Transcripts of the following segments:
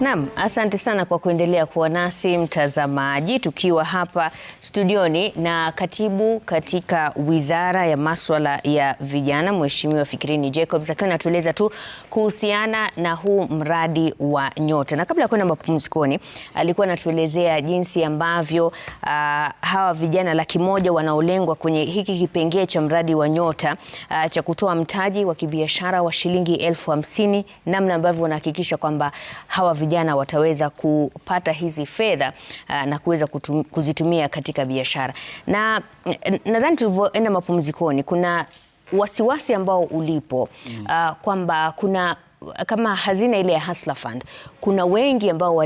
Naam, asante sana kwa kuendelea kuwa nasi mtazamaji, tukiwa hapa studioni na katibu katika Wizara ya maswala ya Vijana, Mheshimiwa Fikirini Jacobs akiwa anatueleza tu kuhusiana na huu mradi wa Nyota, na kabla ya kwenda mapumzikoni alikuwa anatuelezea jinsi ambavyo uh, hawa vijana laki moja wanaolengwa kwenye hiki kipengee cha mradi wa Nyota uh, cha kutoa mtaji wa kibiashara wa shilingi elfu hamsini namna ambavyo wanahakikisha kwamba hawa vijana vijana wataweza kupata hizi fedha uh, na kuweza kuzitumia katika biashara. Na nadhani tulivyoenda mapumzikoni, kuna wasiwasi ambao ulipo uh, kwamba kuna kama hazina ile ya Hustler Fund, kuna wengi ambao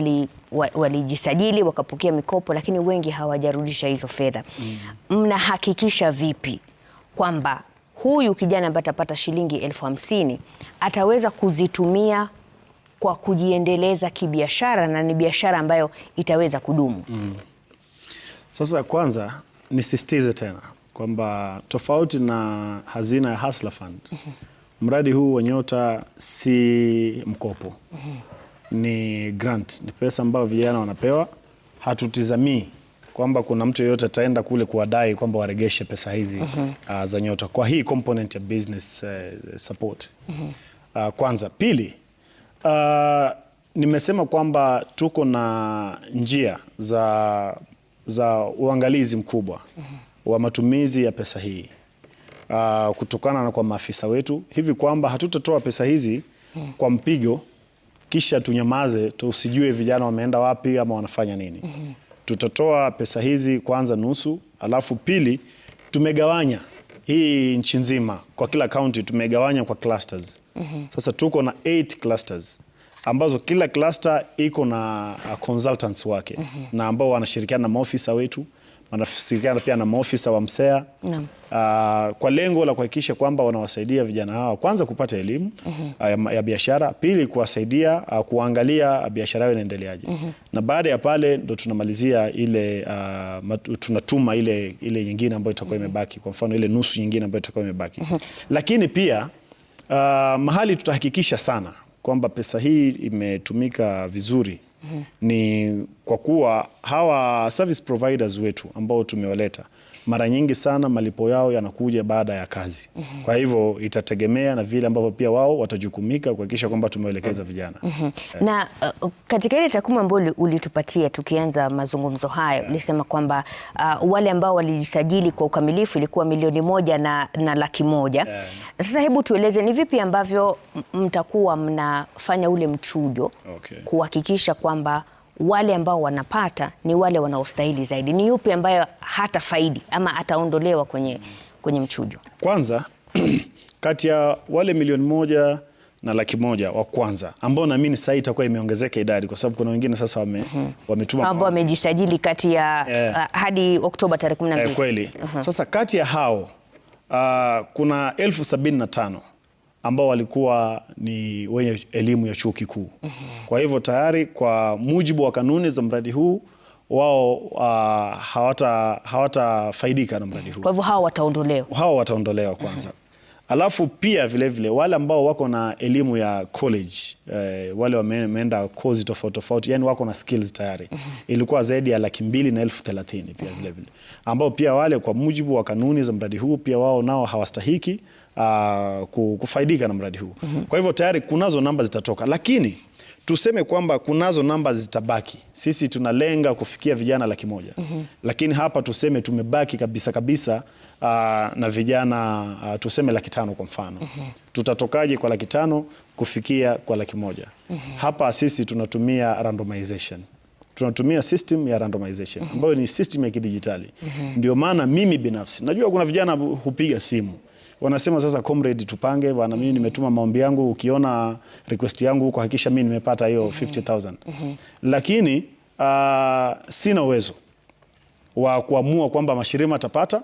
walijisajili wakapokea mikopo, lakini wengi hawajarudisha hizo fedha. Mm. Mnahakikisha mm. vipi kwamba huyu kijana ambaye atapata shilingi elfu hamsini ataweza kuzitumia kwa kujiendeleza kibiashara na ni biashara ambayo itaweza kudumu mm. Sasa kwanza nisisitize tena kwamba tofauti na hazina ya Hustler Fund mm -hmm. mradi huu wa Nyota si mkopo mm -hmm. ni grant, ni pesa ambayo vijana wanapewa. Hatutizamii kwamba kuna mtu yeyote ataenda kule kuwadai kwamba waregeshe pesa hizi mm -hmm. uh, za Nyota kwa hii component ya business uh, support mm -hmm. uh, kwanza. Pili, Uh, nimesema kwamba tuko na njia za, za uangalizi mkubwa wa matumizi ya pesa hii uh, kutokana na kwa maafisa wetu hivi kwamba hatutatoa pesa hizi kwa mpigo kisha tunyamaze tusijue vijana wameenda wapi ama wanafanya nini. Mhm. Tutatoa pesa hizi kwanza nusu, alafu pili tumegawanya hii nchi nzima kwa kila kaunti tumegawanya kwa clusters. Mm -hmm. Sasa tuko na 8 clusters ambazo kila cluster iko na uh, consultants wake mm -hmm. na ambao wanashirikiana na maofisa wetu wanashirikiana pia na maofisa wa MSEA Uh, ah, kwa lengo la kuhakikisha kwamba wanawasaidia vijana hawa kwanza kupata elimu mm -hmm. Ah, ya, ya biashara, pili kuwasaidia uh, kuangalia biashara yao inaendeleaje mm -hmm. na baada ya pale ndo tunamalizia ile uh, tunatuma ile, ile nyingine ambayo itakuwa mm -hmm. imebaki, kwa mfano ile nusu nyingine ambayo itakuwa imebaki mm -hmm. lakini pia uh, mahali tutahakikisha sana kwamba pesa hii imetumika vizuri ni kwa kuwa hawa service providers wetu ambao tumewaleta mara nyingi sana malipo yao yanakuja baada ya kazi. mm -hmm. Kwa hivyo itategemea na vile ambavyo pia wao watajukumika kuhakikisha kwamba tumewaelekeza mm. vijana. mm -hmm. yeah. Na uh, katika ile takwimu ambayo ulitupatia tukianza mazungumzo haya yeah. Ulisema kwamba uh, wale ambao walijisajili kwa ukamilifu ilikuwa milioni moja na, na laki moja yeah. Sasa hebu tueleze ni vipi ambavyo mtakuwa mnafanya ule mchujo okay. Kuhakikisha kwamba wale ambao wanapata ni wale wanaostahili zaidi. Ni yupi ambayo hata faidi ama ataondolewa kwenye, kwenye mchujo? Kwanza kati ya wale milioni moja na laki moja wa kwanza ambao naamini sasa itakuwa imeongezeka idadi, kwa sababu kuna wengine sasa wame, mm -hmm. wametuma ambao wamejisajili kati ya yeah. uh, eh, hadi Oktoba tarehe 12 eh, kweli uh mhm. -huh. Sasa kati ya hao uh, kuna elfu sabini na tano ambao walikuwa ni wenye elimu ya chuo kikuu. Kwa hivyo tayari kwa mujibu wa kanuni za mradi huu wao uh, hawatafaidika na mradi huu. Kwa hivyo hao wataondolewa, hao wataondolewa kwanza. Alafu pia vilevile vile, wale ambao wako na elimu ya college eh, wale wameenda course tofauti tofauti, yani wako na skills tayari mm -hmm. Ilikuwa zaidi ya laki mbili na elfu thelathini pia vile. Ambao pia wale kwa mujibu wa kanuni za mradi huu pia wao nao hawastahiki uh, kufaidika na mradi huu mm -hmm. Kwa hivyo tayari kunazo namba zitatoka, lakini tuseme kwamba kunazo namba zitabaki. Sisi tunalenga kufikia vijana laki moja mm -hmm. Lakini hapa tuseme tumebaki kabisa kabisa uh, na vijana uh, tuseme laki tano kwa mfano mm -hmm. tutatokaje kwa laki tano kufikia kwa laki moja mm -hmm. Hapa sisi tunatumia randomization tunatumia system ya randomization mhm. ambayo mm -hmm. ni system ya kidijitali mm -hmm. Ndio maana mimi binafsi najua kuna vijana hupiga simu wanasema sasa, comrade, tupange bwana, mimi nimetuma maombi yangu, ukiona request yangu huko hakikisha mimi nimepata hiyo 50000 mm -hmm. Lakini uh, sina uwezo wa kuamua kwamba mashirima atapata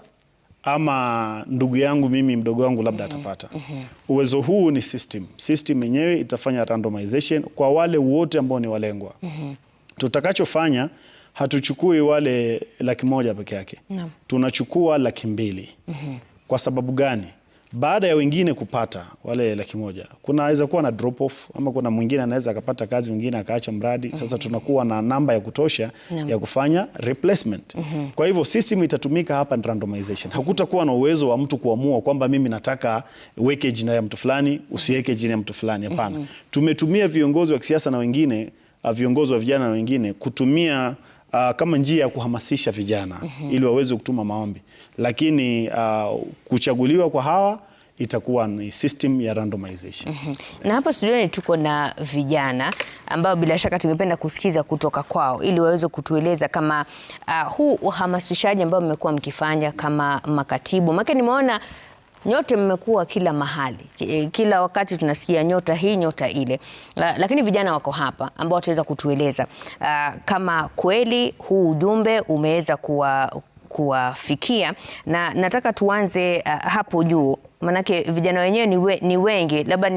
ama ndugu yangu mimi mdogo wangu labda mhm, atapata mhm. Uwezo huu ni system, system yenyewe itafanya randomization kwa wale wote ambao ni walengwa mhm. Tutakachofanya hatuchukui wale laki moja peke yake Tunachukua laki mbili Kwa sababu gani? baada ya wengine kupata wale laki moja, kunaweza kuwa na drop off, ama kuna mwingine anaweza akapata kazi, mwingine akaacha mradi. Mhm. Sasa tunakuwa na namba ya kutosha ya kufanya replacement mhm. Kwa hivyo system itatumika hapa ni randomization. Hakutakuwa na uwezo wa mtu kuamua kwamba mimi nataka weke jina ya mtu fulani, usiweke jina ya mtu fulani. Hapana mhm. Tumetumia viongozi wa kisiasa na wengine, viongozi wa vijana na wengine kutumia uh, kama njia ya kuhamasisha vijana mm -hmm. ili waweze kutuma maombi, lakini uh, kuchaguliwa kwa hawa itakuwa ni system ya randomization. Mm -hmm. Yeah. Na hapa studioni tuko na vijana ambao bila shaka tungependa kusikiza kutoka kwao ili waweze kutueleza kama uh, huu uhamasishaji ambao mmekuwa mkifanya kama makatibu, maana nimeona Nyote mmekuwa kila mahali, eh, kila wakati tunasikia nyota hii nyota ile, lakini vijana wako hapa ambao wataweza kutueleza ah, kama kweli huu ujumbe umeweza kuwa kuwafikia na nataka tuanze uh, hapo juu manake vijana wenyewe ni, we, ni wengi, labda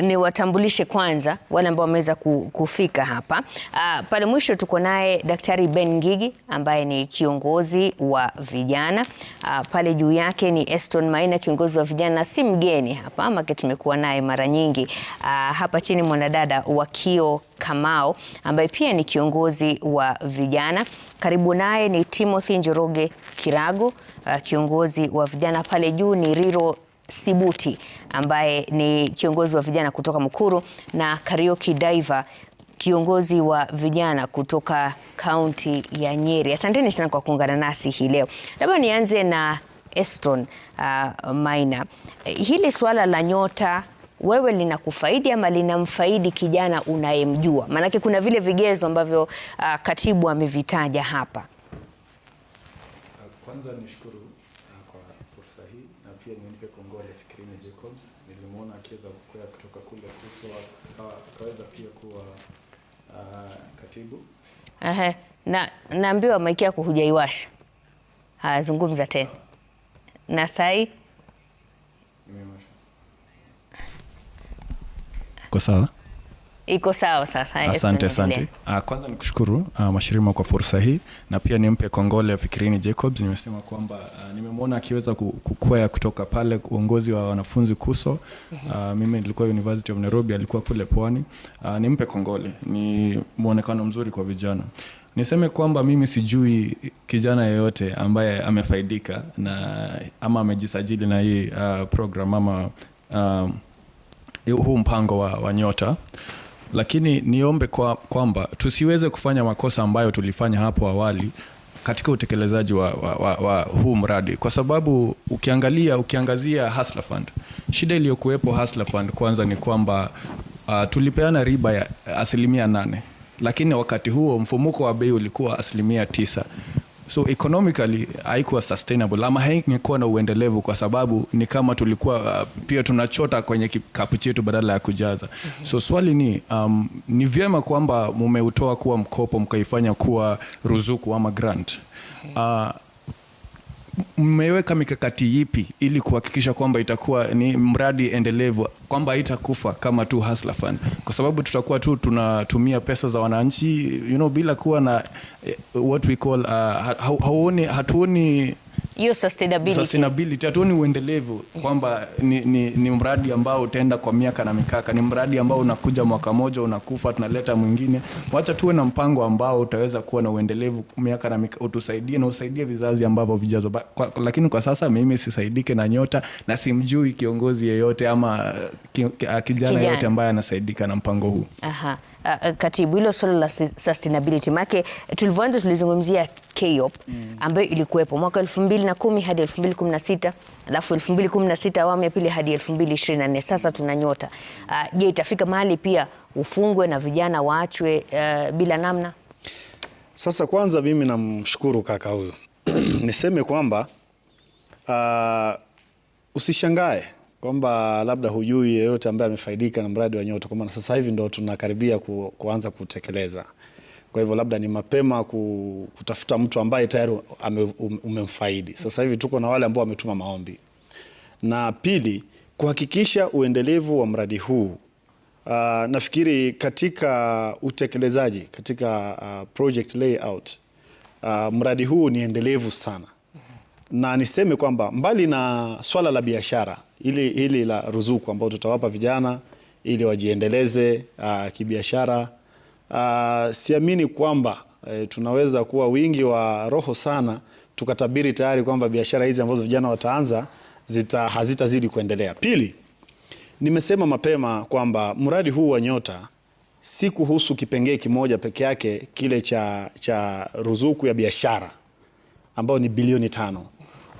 niwatambulishe ni kwanza wale ambao wameweza kufika hapa. Aa, ah, pale mwisho tuko naye Daktari Ben Ngigi ambaye ni kiongozi wa vijana. Aa, ah, pale juu yake ni Eston Maina, kiongozi wa vijana, si mgeni hapa make tumekuwa naye mara nyingi. Aa, ah, hapa chini mwanadada Wakio Kamau ambaye pia ni kiongozi wa vijana. Karibu naye ni Timothy Njoroge kirago uh, kiongozi wa vijana. Pale juu ni Riro Sibuti ambaye ni kiongozi wa vijana kutoka Mukuru na karioki Daiva kiongozi wa vijana kutoka kaunti ya Nyeri. Asanteni sana kwa kuungana nasi hii leo. Labda nianze na Eston uh, Maina. Hili suala la nyota wewe linakufaidi ama linamfaidi kijana unayemjua? Maanake kuna vile vigezo ambavyo uh, katibu amevitaja hapa. Kwanza nishukuru uh, kwa fursa hii na pia nipe kongole Fikirini Jacobs, nilimwona akiweza kukwea kutoka kule kuso akaweza pia kuwa uh, katibu. Ehe, na naambiwa maiki yako hujaiwasha. Haya, zungumza tena na sahi iko sawa? iko sawa sasa. Asante, asante. Uh, kwanza nikushukuru uh, ah, Mashirima kwa fursa hii na pia nimpe kongole Fikirini Jacobs. Nimesema kwamba uh, nimemwona akiweza kukwea kutoka pale uongozi wa wanafunzi KUSO. Uh, mimi nilikuwa University of Nairobi, alikuwa kule pwani. Uh, nimpe kongole, ni mwonekano mzuri kwa vijana. Niseme kwamba mimi sijui kijana yeyote ambaye amefaidika na ama amejisajili na hii uh, program ama uh, huu mpango wa, wa nyota lakini niombe kwa, kwamba tusiweze kufanya makosa ambayo tulifanya hapo awali katika utekelezaji wa, wa, wa, wa huu mradi, kwa sababu ukiangalia ukiangazia hasla Fund, shida iliyokuwepo hasla Fund kwanza ni kwamba uh, tulipeana riba ya asilimia nane, lakini wakati huo mfumuko wa bei ulikuwa asilimia tisa so economically haikuwa sustainable ama haingekuwa na uendelevu kwa sababu ni kama tulikuwa uh, pia tunachota kwenye kikapu chetu badala ya kujaza mm-hmm. so swali ni um, ni vyema kwamba mumeutoa kuwa mkopo mkaifanya kuwa ruzuku ama grant mm-hmm. uh, mmeweka mikakati ipi ili kuhakikisha kwamba itakuwa ni mradi endelevu kwamba haitakufa kama tu hasla fan kwa sababu tutakuwa tu tunatumia pesa za wananchi you know, bila kuwa na eh, what we call uh, hauoni hatuoni hiyo sustainability, sustainability hatuoni uendelevu kwamba ni, ni, ni mradi ambao utaenda kwa miaka na mikaka. Ni mradi ambao unakuja mwaka moja unakufa, tunaleta mwingine. Wacha tuwe na mpango ambao utaweza kuwa na uendelevu miaka na mikaka, utusaidie na usaidie vizazi ambavyo vijazo. Lakini kwa sasa mimi sisaidike na Nyota na simjui kiongozi yeyote ama kijana, kijana yeyote ambaye anasaidika na mpango huu. Aha uh, katibu, hilo swala la sustainability make tulivyoanza tulizungumzia KOP mm. ambayo ilikuwepo mwaka 2010 hadi 2016 alafu 2016 awamu ya pili hadi 2024. Sasa tuna nyota uh, je, itafika mahali pia ufungwe na vijana waachwe uh, bila namna? Sasa kwanza mimi namshukuru kaka huyu niseme kwamba uh, usishangae kwamba labda hujui yeyote ambaye amefaidika na mradi wa Nyota, kwa maana sasa hivi ndo tunakaribia ku, kuanza kutekeleza. Kwa hivyo labda ni mapema ku, kutafuta mtu ambaye tayari umemfaidi. Sasa hivi tuko na wale ambao wametuma maombi, na pili kuhakikisha uendelevu wa mradi huu. Uh, nafikiri katika utekelezaji katika uh, project layout uh, mradi huu ni endelevu sana na niseme kwamba mbali na swala la biashara ili, ili la ruzuku ambao tutawapa vijana ili wajiendeleze uh, kibiashara uh, siamini kwamba uh, tunaweza kuwa wingi wa roho sana tukatabiri tayari kwamba biashara hizi ambazo vijana wataanza zita hazitazidi kuendelea. Pili, nimesema mapema kwamba mradi huu wa Nyota si kuhusu kipengee kimoja peke yake kile cha, cha ruzuku ya biashara ambayo ni bilioni tano.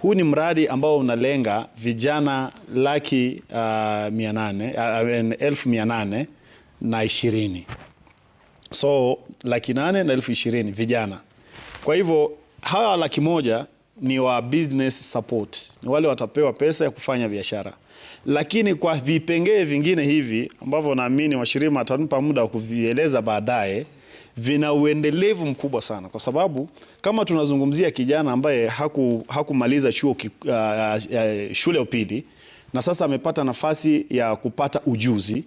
Huu ni mradi ambao unalenga vijana laki uh, mia nane, uh, elfu mia nane na ishirini so laki nane na elfu ishirini vijana. Kwa hivyo hawa laki moja ni wa business support, ni wale watapewa pesa ya kufanya biashara, lakini kwa vipengee vingine hivi ambavyo naamini washirima atampa muda wa kuvieleza baadaye vina uendelevu mkubwa sana, kwa sababu kama tunazungumzia kijana ambaye haku, hakumaliza chuo uh, uh, uh, shule upili na sasa amepata nafasi ya kupata ujuzi,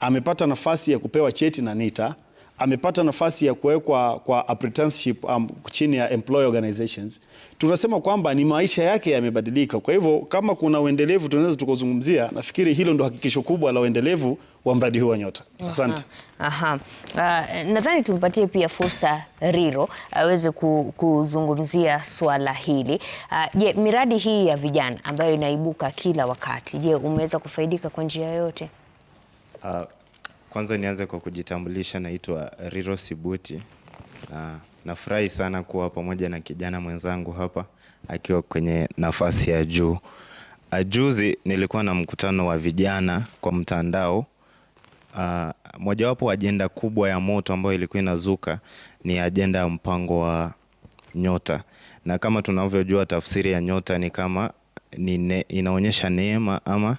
amepata nafasi ya kupewa cheti na NITA amepata nafasi ya kuwekwa kwa apprenticeship um, chini ya employee organizations, tunasema kwamba ni maisha yake yamebadilika. Kwa hivyo kama kuna uendelevu tunaweza tukazungumzia, nafikiri hilo ndo hakikisho kubwa la uendelevu wa mradi huu wa Nyota. Asante. Aha. Aha. Uh, nadhani tumpatie pia fursa Riro aweze kuzungumzia swala hili. Uh, je, miradi hii ya vijana ambayo inaibuka kila wakati, je, umeweza kufaidika kwa njia yoyote? uh, kwanza nianze kwa kujitambulisha, naitwa Riro Sibuti na nafurahi sana kuwa pamoja na kijana mwenzangu hapa akiwa kwenye nafasi ya juu. Juzi nilikuwa na mkutano wa vijana kwa mtandao. Ah, mojawapo ajenda kubwa ya moto ambayo ilikuwa inazuka ni ajenda ya mpango wa nyota, na kama tunavyojua tafsiri ya nyota ni kama ni ne, inaonyesha neema ama,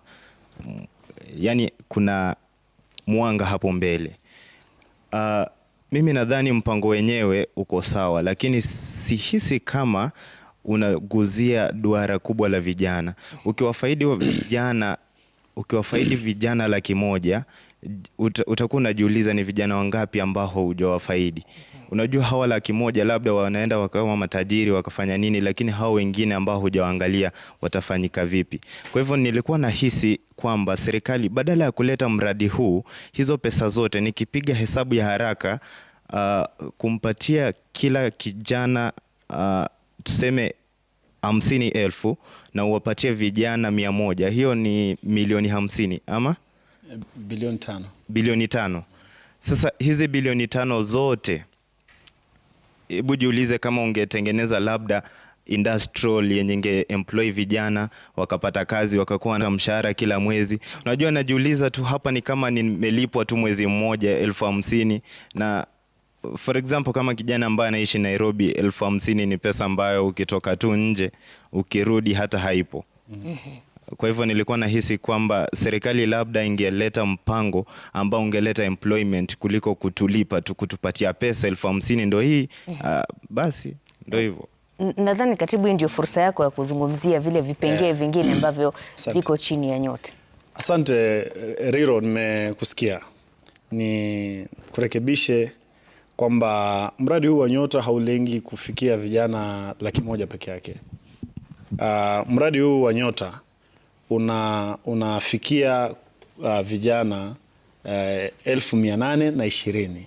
yani kuna mwanga hapo mbele. Uh, mimi nadhani mpango wenyewe uko sawa, lakini sihisi kama unaguzia duara kubwa la vijana. Ukiwafaidi vijana ukiwafaidi vijana laki moja utakuwa unajiuliza ni vijana wangapi ambao hujawafaidi. Unajua hawa laki moja labda wanaenda wakawa matajiri wakafanya nini, lakini hao wengine ambao hujawaangalia watafanyika vipi? Kwa hivyo nilikuwa nahisi kwamba serikali badala ya kuleta mradi huu, hizo pesa zote nikipiga hesabu ya haraka uh, kumpatia kila kijana uh, tuseme hamsini elfu na uwapatie vijana mia moja hiyo ni milioni hamsini ama bilioni tano. Bilioni tano. Sasa hizi bilioni tano zote hebu jiulize kama ungetengeneza labda industrial yenye nge employ vijana wakapata kazi wakakuwa na mshahara kila mwezi. Unajua, najiuliza tu hapa ni kama nimelipwa tu mwezi mmoja elfu hamsini na for example kama kijana ambaye anaishi Nairobi, elfu hamsini ni pesa ambayo ukitoka tu nje ukirudi hata haipo. mm -hmm. Kwa hivyo nilikuwa nahisi kwamba serikali labda ingeleta mpango ambao ungeleta employment kuliko kutulipa tu, kutupatia pesa elfu hamsini ndo hii uh, basi ndo eh. hivyo. Nadhani katibu, hii ndio fursa yako ya kuzungumzia vile vipengee yeah, vingine ambavyo viko chini ya nyote. Asante Riro, nimekusikia. Ni kurekebishe kwamba mradi huu wa Nyota haulengi kufikia vijana laki moja peke yake. Uh, mradi huu wa Nyota una, unafikia uh, vijana uh, elfu mia nane na ishirini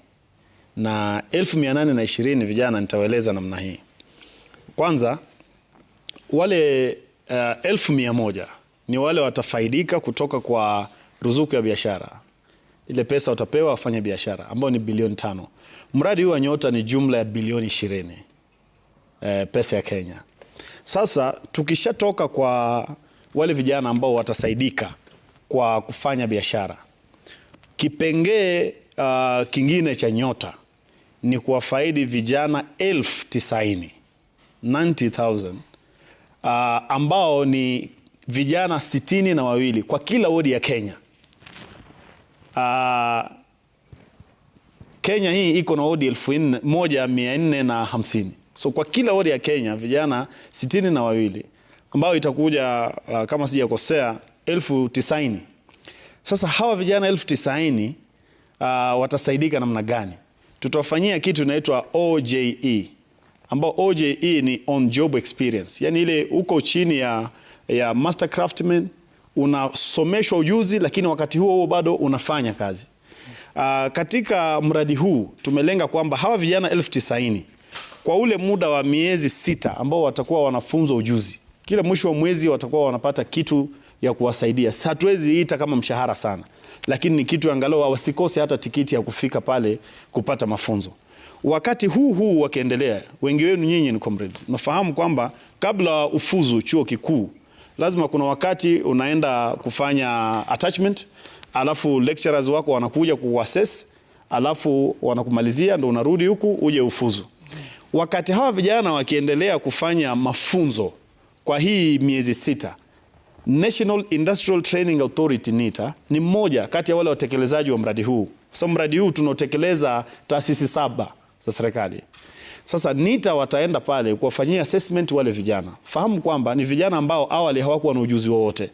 na elfu mia nane na ishirini vijana nitawaeleza namna hii. Kwanza wale uh, elfu mia moja ni wale watafaidika kutoka kwa ruzuku ya biashara, ile pesa watapewa wafanye biashara ambao ni bilioni tano. Mradi huu wa Nyota ni jumla ya bilioni ishirini uh, pesa ya Kenya. Sasa tukishatoka kwa wale vijana ambao watasaidika kwa kufanya biashara. Kipengee uh, kingine cha nyota ni kuwafaidi vijana elfu tisaini 90,000 uh, ambao ni vijana sitini na wawili kwa kila wodi ya Kenya. Uh, Kenya hii iko na wodi elfu moja mia nne na hamsini so kwa kila wodi ya Kenya vijana sitini na wawili ambayo itakuja uh, kama sijakosea elfu tisaini. Sasa hawa vijana elfu tisaini uh, watasaidika namna gani? Tutawafanyia kitu inaitwa OJE ambao OJE ni on job experience, yani ile uko chini ya, ya master craftsman unasomeshwa ujuzi lakini wakati huo huo bado unafanya kazi. Uh, katika mradi huu tumelenga kwamba hawa vijana elfu tisaini kwa ule muda wa miezi sita ambao watakuwa wanafunzwa ujuzi kila mwisho wa mwezi watakuwa wanapata kitu ya kuwasaidia. Hatuwezi ita kama mshahara sana, lakini ni kitu angalau wasikose hata tikiti ya kufika pale kupata mafunzo. Wakati huu huu wakiendelea, wengi wenu nyinyi ni comrades, nafahamu kwamba kabla ufuzu chuo kikuu lazima kuna wakati unaenda kufanya attachment, alafu lecturers wako wanakuja kuassess, alafu wanakumalizia, ndo unarudi huku uje ufuzu. Wakati hawa vijana wakiendelea kufanya mafunzo kwa hii miezi sita. National Industrial Training Authority NITA ni mmoja kati ya wale watekelezaji wa mradi huu. Sasa mradi huu tunaotekeleza taasisi saba za serikali. Sasa NITA wataenda pale kuwafanyia assessment wale vijana. Fahamu kwamba ni vijana ambao awali hawakuwa na ujuzi wowote,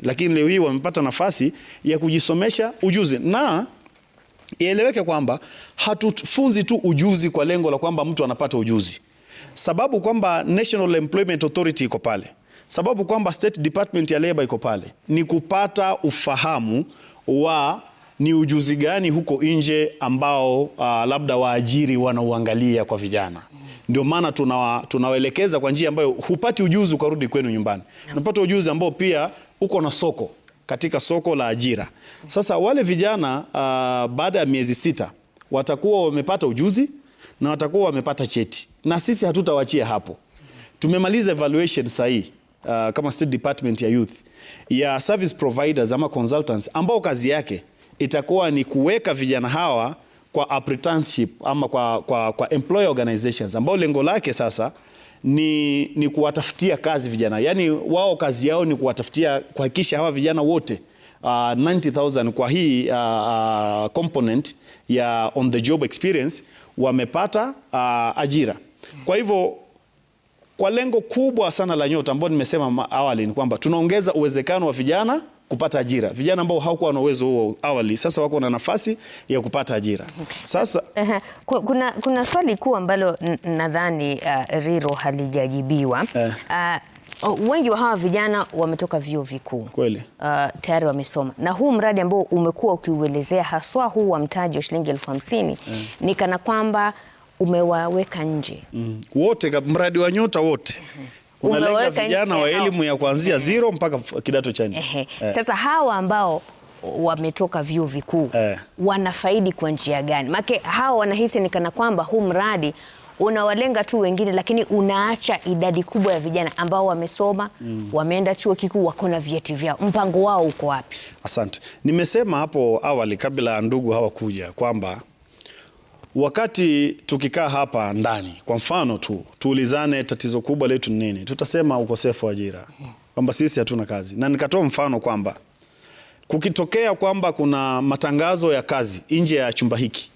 lakini leo hii wamepata nafasi ya kujisomesha ujuzi, na ieleweke kwamba hatufunzi tu ujuzi kwa lengo la kwamba mtu anapata ujuzi sababu kwamba National Employment Authority iko pale, sababu kwamba State Department ya Labor iko pale ni kupata ufahamu wa ni ujuzi gani huko nje ambao uh, labda waajiri wanauangalia kwa vijana. Ndio maana tunawa, tunawaelekeza kwa njia ambayo hupati ujuzi ukarudi kwenu nyumbani, unapata ujuzi ambao pia uko na soko katika soko la ajira. Sasa wale vijana uh, baada ya miezi sita watakuwa wamepata ujuzi na watakuwa wamepata cheti na sisi hatutawachia hapo. Tumemaliza evaluation sahihi uh, kama State Department ya Youth ya service providers ama consultants ambao kazi yake itakuwa ni kuweka vijana hawa kwa apprenticeship ama kwa, kwa, kwa employer organizations ambao lengo lake sasa ni, ni kuwatafutia kazi vijana, yaani wao kazi yao ni kuwatafutia, kuhakikisha hawa vijana wote uh, 90,000 kwa hii uh, uh, component ya on the job experience wamepata uh, ajira. Kwa hivyo kwa lengo kubwa sana la Nyota ambao nimesema awali ni kwamba tunaongeza uwezekano wa vijana kupata ajira. Vijana ambao hawakuwa na uwezo huo awali sasa wako na nafasi ya kupata ajira. Sasa kuna, kuna swali kuu ambalo nadhani uh, Riro halijajibiwa eh. Uh, wengi wa hawa vijana wametoka vyuo vikuu kweli, uh, tayari wamesoma, na huu mradi ambao umekuwa ukiuelezea haswa huu wa mtaji wa shilingi elfu hamsini eh. ni kana kwamba umewaweka nje mm. wote, mradi wa nyota wote mm Unalenga vijana wa elimu ya kuanzia zero mpaka kidato cha nne eh. Sasa hawa ambao wametoka vyuo vikuu eh, wanafaidi kwa njia gani? Make hawa wanahisi ni kana kwamba huu mradi unawalenga tu wengine, lakini unaacha idadi kubwa ya vijana ambao wamesoma mm, wameenda chuo kikuu, wako na vyeti vyao. Mpango wao uko wapi? Asante, nimesema hapo awali kabla ya ndugu hawakuja kwamba Wakati tukikaa hapa ndani, kwa mfano tu tuulizane, tatizo kubwa letu ni nini? Tutasema ukosefu wa ajira, kwamba sisi hatuna kazi, na nikatoa mfano kwamba kukitokea kwamba kuna matangazo ya kazi nje ya chumba hiki,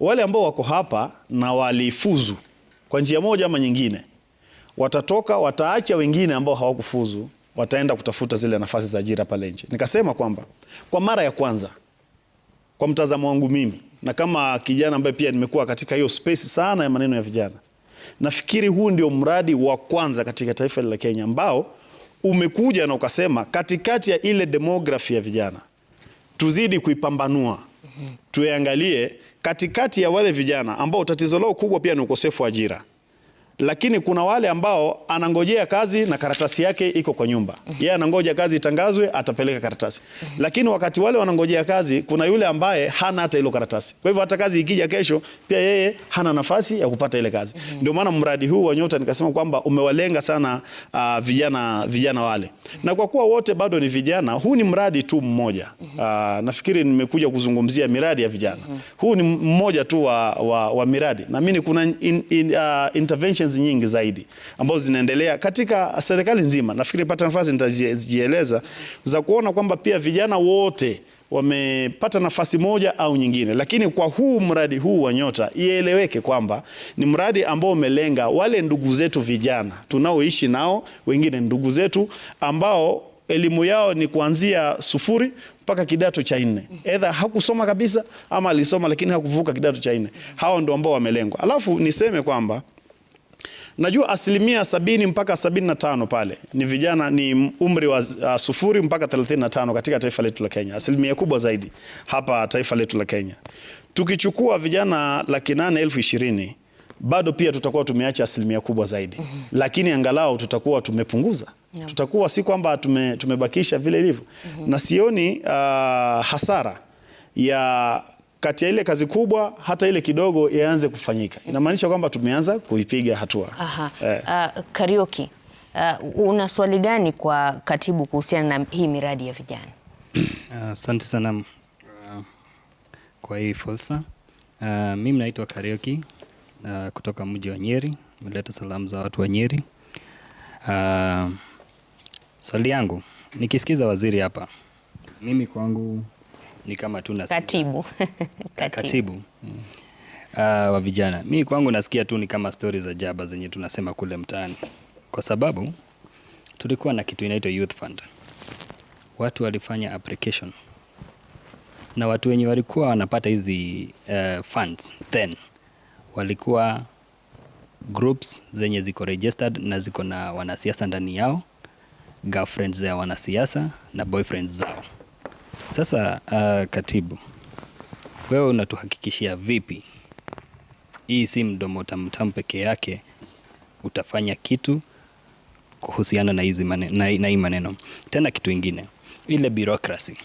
wale ambao wako hapa na walifuzu kwa njia moja ama nyingine, watatoka wataacha wengine ambao hawakufuzu, wataenda kutafuta zile nafasi za ajira pale nje. Nikasema kwamba kwa mara ya kwanza kwa mtazamo wangu mimi na kama kijana ambaye pia nimekuwa katika hiyo space sana ya maneno ya vijana, nafikiri huu ndio mradi wa kwanza katika taifa la Kenya ambao umekuja na ukasema katikati ya ile demografi ya vijana tuzidi kuipambanua, mhm. tuangalie katikati ya wale vijana ambao tatizo lao kubwa pia ni ukosefu wa ajira lakini kuna wale ambao anangojea kazi na karatasi yake iko kwa nyumba. Yeye anangoja kazi itangazwe, atapeleka karatasi. Lakini wakati wale wanangojea kazi, kuna yule ambaye hana hata hilo karatasi. Kwa hivyo hata kazi ikija kesho, pia yeye hana nafasi ya kupata ile kazi. Ndio maana mradi huu wa Nyota nikasema kwamba umewalenga sana uh, vijana vijana wale. Na kwa kuwa wote bado ni vijana, huu ni mradi tu mmoja. Uh, nafikiri nimekuja kuzungumzia miradi ya vijana. Huu ni mmoja tu wa, wa, wa miradi. Na mimi kuna in, in, uh, intervention conversations nyingi zaidi ambazo zinaendelea katika serikali nzima. Nafikiri pata nafasi nitajieleza za kuona kwamba pia vijana wote wamepata nafasi moja au nyingine, lakini kwa huu mradi huu wa Nyota ieleweke kwamba ni mradi ambao umelenga wale ndugu zetu vijana tunaoishi nao, wengine ndugu zetu ambao elimu yao ni kuanzia sufuri mpaka kidato cha nne, edha hakusoma kabisa ama alisoma lakini hakuvuka kidato cha nne. Hao ndio ambao wamelengwa. Alafu niseme kwamba najua asilimia sabini mpaka sabini na tano pale ni vijana, ni umri wa uh, sufuri mpaka 35 katika taifa letu la Kenya, asilimia kubwa zaidi hapa taifa letu la Kenya. Tukichukua vijana laki nane elfu ishirini bado pia tutakuwa tumeacha asilimia kubwa zaidi mm -hmm. Lakini angalau tutakuwa tumepunguza yeah. Tutakuwa si kwamba tume, tumebakisha vile ilivyo mm -hmm. Na sioni uh, hasara ya kati ya ile kazi kubwa hata ile kidogo yaanze kufanyika, inamaanisha kwamba tumeanza kuipiga hatua. Aha. Eh. Uh, Kariuki, uh, una swali gani kwa katibu kuhusiana na hii miradi ya vijana? Ah, asante uh, sana uh, kwa hii fursa uh, mimi naitwa Kariuki uh, kutoka mji wa Nyeri, meleta salamu za watu wa Nyeri. Uh, swali yangu nikisikiza waziri hapa, mimi kwangu ni kama tu nasikia katibu katibu mm. Uh, wa vijana, mi kwangu nasikia tu ni kama stori za jaba zenye tunasema kule mtaani, kwa sababu tulikuwa na kitu inaitwa youth fund. Watu walifanya application na watu wenye walikuwa wanapata hizi uh, funds then walikuwa groups zenye ziko registered na ziko na wanasiasa ndani yao, girlfriends ya wanasiasa na boyfriends zao sasa uh, katibu, wewe unatuhakikishia vipi hii si mdomo tamtam peke yake utafanya kitu kuhusiana na hizi mane, na, na hii maneno tena. Kitu ingine ile bureaucracy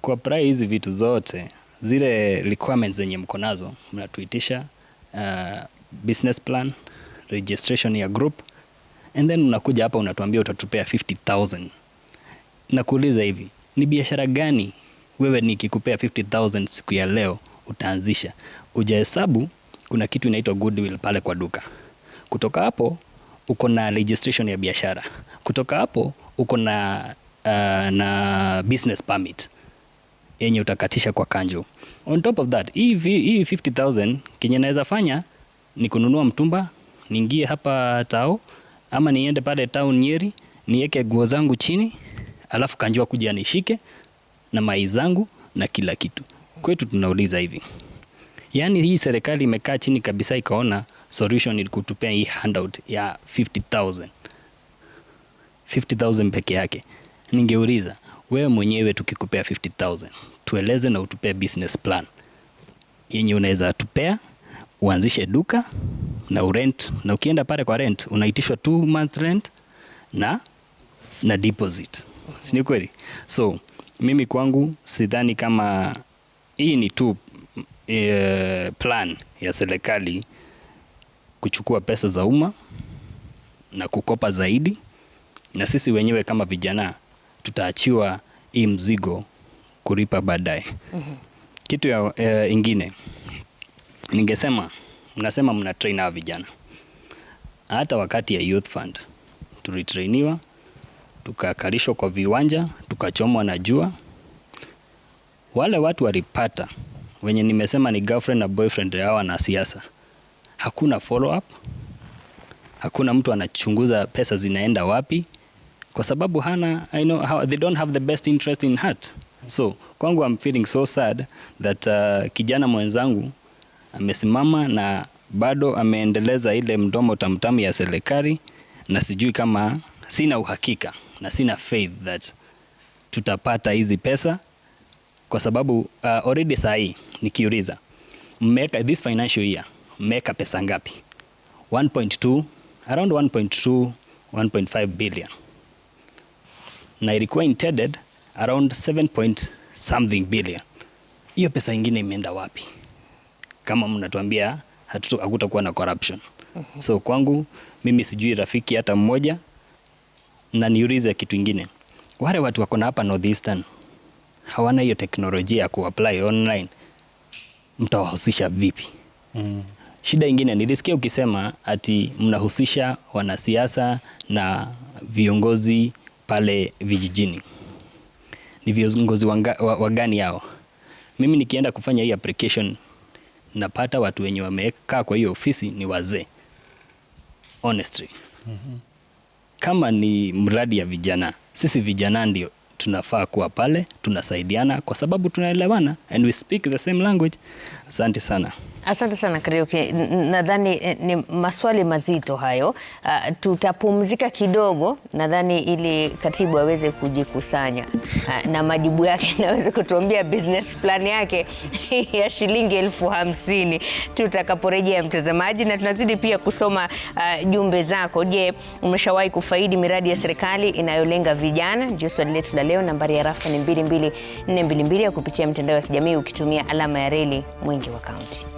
kwa prai hizi vitu zote zile requirements zenye mko nazo mnatuitisha uh, business plan registration ya group and then unakuja hapa unatuambia utatupea 50000 nakuuliza hivi, ni biashara gani wewe nikikupea 50000 siku ya leo utaanzisha? Ujahesabu, kuna kitu inaitwa goodwill pale kwa duka. Kutoka hapo uko na registration ya biashara, kutoka hapo uko na, uh, na business permit yenye utakatisha kwa kanjo. On top of that, hii 50000 kenye naweza fanya ni kununua mtumba, niingie hapa tao ama niende pale town Nyeri niweke guo zangu chini alafu kanjua kuja nishike na mai zangu na kila kitu. Kwetu tunauliza hivi, yaani hii serikali imekaa chini kabisa ikaona solution ili kutupea hii handout ya 50000 50000 peke yake. Ningeuliza wewe mwenyewe, tukikupea 50000 tueleze na utupea business plan yenye unaweza tupea uanzishe duka na urent, na ukienda pale kwa rent unaitishwa two month rent na, na deposit si ni kweli? So mimi kwangu sidhani kama hii ni tu e, plan ya serikali kuchukua pesa za umma na kukopa zaidi, na sisi wenyewe kama vijana tutaachiwa hii mzigo kulipa baadaye. mm -hmm. Kitu ya e, ingine ningesema, mnasema mna train hawa vijana, hata wakati ya youth fund tulitrainiwa tukakalishwa kwa viwanja, tukachomwa na jua. Wale watu walipata wenye nimesema ni girlfriend na boyfriend yao siasa, hakuna follow up, hakuna mtu anachunguza pesa zinaenda wapi, kwa sababu hana I know how, they don't have the best interest in heart. So kwangu I'm feeling so sad that uh, kijana mwenzangu amesimama na bado ameendeleza ile mdomo tamtamu ya serikali, na sijui kama, sina uhakika na sina faith that tutapata hizi pesa kwa sababu uh, already saa hii nikiuliza, mmeweka this financial year mmeweka pesa ngapi? 1.2 around 1.2 1.5 billion, na ilikuwa intended around 7 point something billion. Hiyo pesa ingine imeenda wapi? Kama mnatuambia hakutakuwa na corruption. Mm-hmm. So kwangu mimi sijui rafiki hata mmoja na niulize kitu ingine, wale watu wako na hapa Northeastern hawana hiyo teknolojia ya kuapply online, mtawahusisha vipi? mm. Shida ingine nilisikia ukisema ati mnahusisha wanasiasa na viongozi pale vijijini. Ni viongozi wagani yao? Mimi nikienda kufanya hii application napata watu wenye wamekaa kwa hiyo ofisi ni wazee honestly. mm -hmm kama ni mradi ya vijana, sisi vijana ndio tunafaa kuwa pale, tunasaidiana kwa sababu tunaelewana and we speak the same language. Asante sana. Asante sana Kariuki, nadhani eh, ni maswali mazito hayo. Uh, tutapumzika kidogo nadhani ili katibu aweze kujikusanya uh, na majibu yake naweze kutuambia business plan yake ya shilingi elfu hamsini tutakaporejea mtazamaji, na tunazidi pia kusoma uh, jumbe zako. Je, umeshawahi kufaidi miradi ya serikali inayolenga vijana? Ndio swali letu la leo. Nambari ya rafa ni 22422 ya kupitia mtandao wa kijamii ukitumia alama ya reli mwingi wa kaunti.